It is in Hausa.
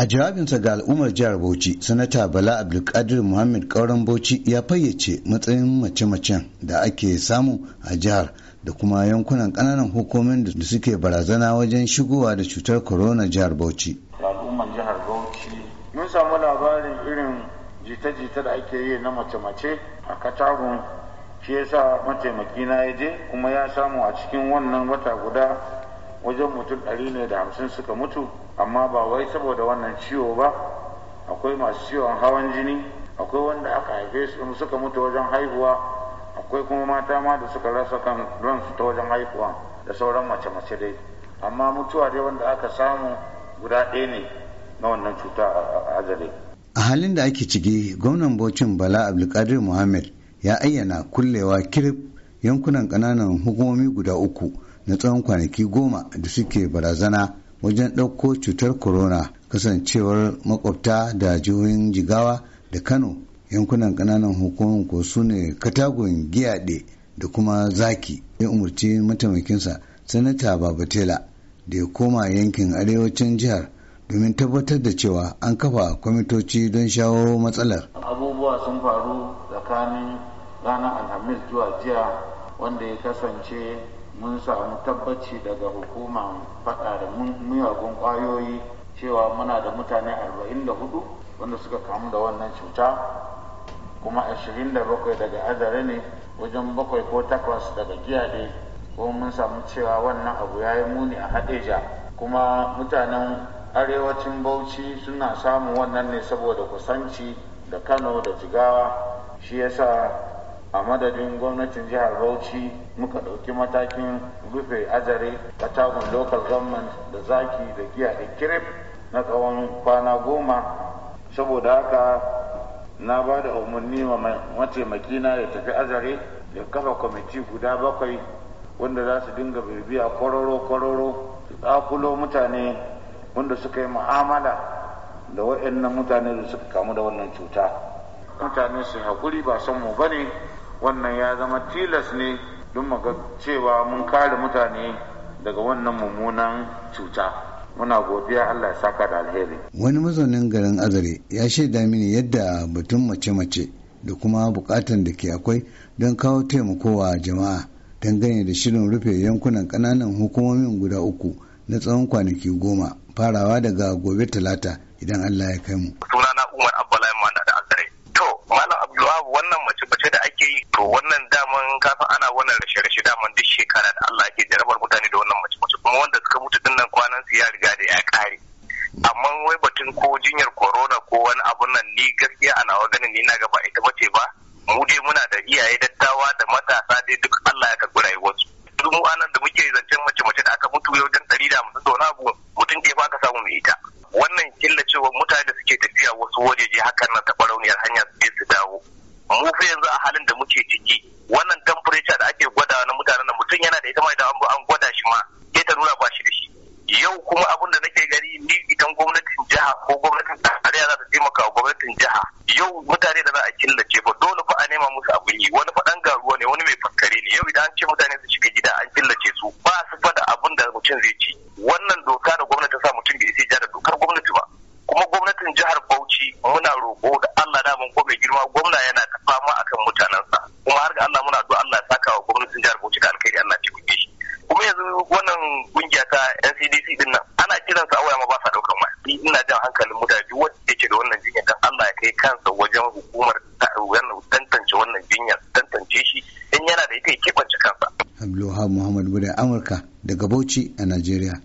A jawabinsa ga al'ummar jihar Bauchi, Sanata Bala Abdulkadir Muhammad Kauran Bauchi ya fayyace matsayin mace-macen da ake samu a jihar da kuma yankunan kananan hukumin da suke barazana wajen shigowa da cutar corona jihar Bauchi. Al'ummar jihar Bauchi mun samu labarin irin jita-jita da ake yi na mace-mace a Katagun shi yasa mataimaki na ya je kuma ya samu a cikin wannan wata guda wajen mutum ɗari ne da hamsin suka mutu amma ba wai saboda wannan ciwo ba akwai masu ciwon hawan jini akwai wanda aka haife su suka mutu wajen haihuwa akwai kuma mata ma da suka rasa kan ransu ta wajen haihuwa da sauran mace-mace dai amma mutuwa dai wanda aka samu guda ɗaya ne na wannan cuta a azare. a halin da ake ciki gwamnan bocin bala abdulkadir muhammad ya ayyana kullewa kirif yankunan ƙananan hukumomi guda uku na tsawon kwanaki goma da suke barazana wajen ɗauko cutar corona kasancewar makwabta da jihohin jigawa da kano yankunan ƙananan hukumar ko su ne katagun giyaɗe da kuma zaki ya umarci mataimakinsa sanata babatela da ya koma yankin arewacin jihar domin tabbatar da cewa an kafa kwamitoci don shawo matsalar abubuwa sun faru tsakanin ranar alhamis zuwa jiya wanda ya kasance mun samu tabbaci daga hukuma faɗa da miyagun ƙwayoyi cewa muna da mutane 44 wanda suka kamu da wannan cuta kuma 27 daga azare ne wajen bakwai ko takwas daga Giyade, ko mun samu cewa wannan abu ya yi muni a hadeja kuma mutanen arewacin bauchi suna samun wannan ne saboda kusanci da kano da jigawa shi yasa a madadin gwamnatin jihar bauchi muka ɗauki matakin rufe azare tagun local government da zaki da giya da kirif na tsawon kwana goma saboda haka na ba da umarni wa mataimakina ya tafi azare ya kafa kwamiti guda bakwai wanda za su dinga bibiya kwararo-kwararo su tsakulo mutane wanda suka yi mu'amala da waɗannan mutane da suka kamu da wannan cuta mutane su haƙuri ba son mu ba ne. wannan ya zama tilas ne don maga cewa mun kare mutane daga wannan mummunan cuta muna godiya Allah ya saka da alheri wani mazaunin garin azare ya shaida mini yadda batun mace-mace da kuma bukatan da ke akwai don kawo taimakowa jama'a dangane da shirin rufe yankunan kananan hukumomin guda uku na tsawon kwanaki goma farawa daga gobe talata idan Allah ya kai mu. Sunana Umar Abdullahi na da Azare. To, Malam Abdullahi wannan mace. to wannan daman kafin ana wannan rashe-rashe daman duk shekara da Allah ke jarabar mutane da wannan mace-mace kuma wanda suka mutu dinnan kwanan su ya riga da ya kare amma wai batun ko jinyar corona ko wani abun nan ni gaskiya ana wa ganin ni na gaba ita bace ba mu dai muna da iyaye dattawa da matasa dai duk Allah ya karɓi rayuwarsu duk mu anan da muke zancen mace-mace da aka mutu yau dan ɗari da mutu to na abu mutum ke ba ka samu mai ita wannan killacewar mutane da suke tafiya wasu wajeje hakan na taɓa rauniyar hanya su je su dawo mu fa yanzu a halin da muke ciki wannan temperature da ake gwada na mutanen nan, mutum yana da ita ma idan an gwada shi ma sai ta nuna ba shi da shi yau kuma abin da nake gari ni idan gwamnatin jiha ko gwamnatin tsariya za ta taimaka wa gwamnatin jiha yau mutane da za a killace ba dole fa a nema musu abin yi wani faɗan garuwa ne wani mai fakkare ne yau idan an ce mutane su shiga gida an killace su ba su fa da abin da mutum zai ci wannan doka da gwamnati ta sa mutum da isa da dokar gwamnati ba kuma gwamnatin jihar Bauchi muna roƙo da Allah da mun ko mai girma gwamna yana ta NCDC din nan ana kiran su a waya ma ba sa daukan waya ina jan hankalin mutane wanda yake da wannan jinya dan Allah ya kai kansa wajen hukumar tantance wannan jinya tantance shi in yana da ita ya kebance kansa Abdulwahab Muhammad Buda Amurka daga Bauchi a Najeriya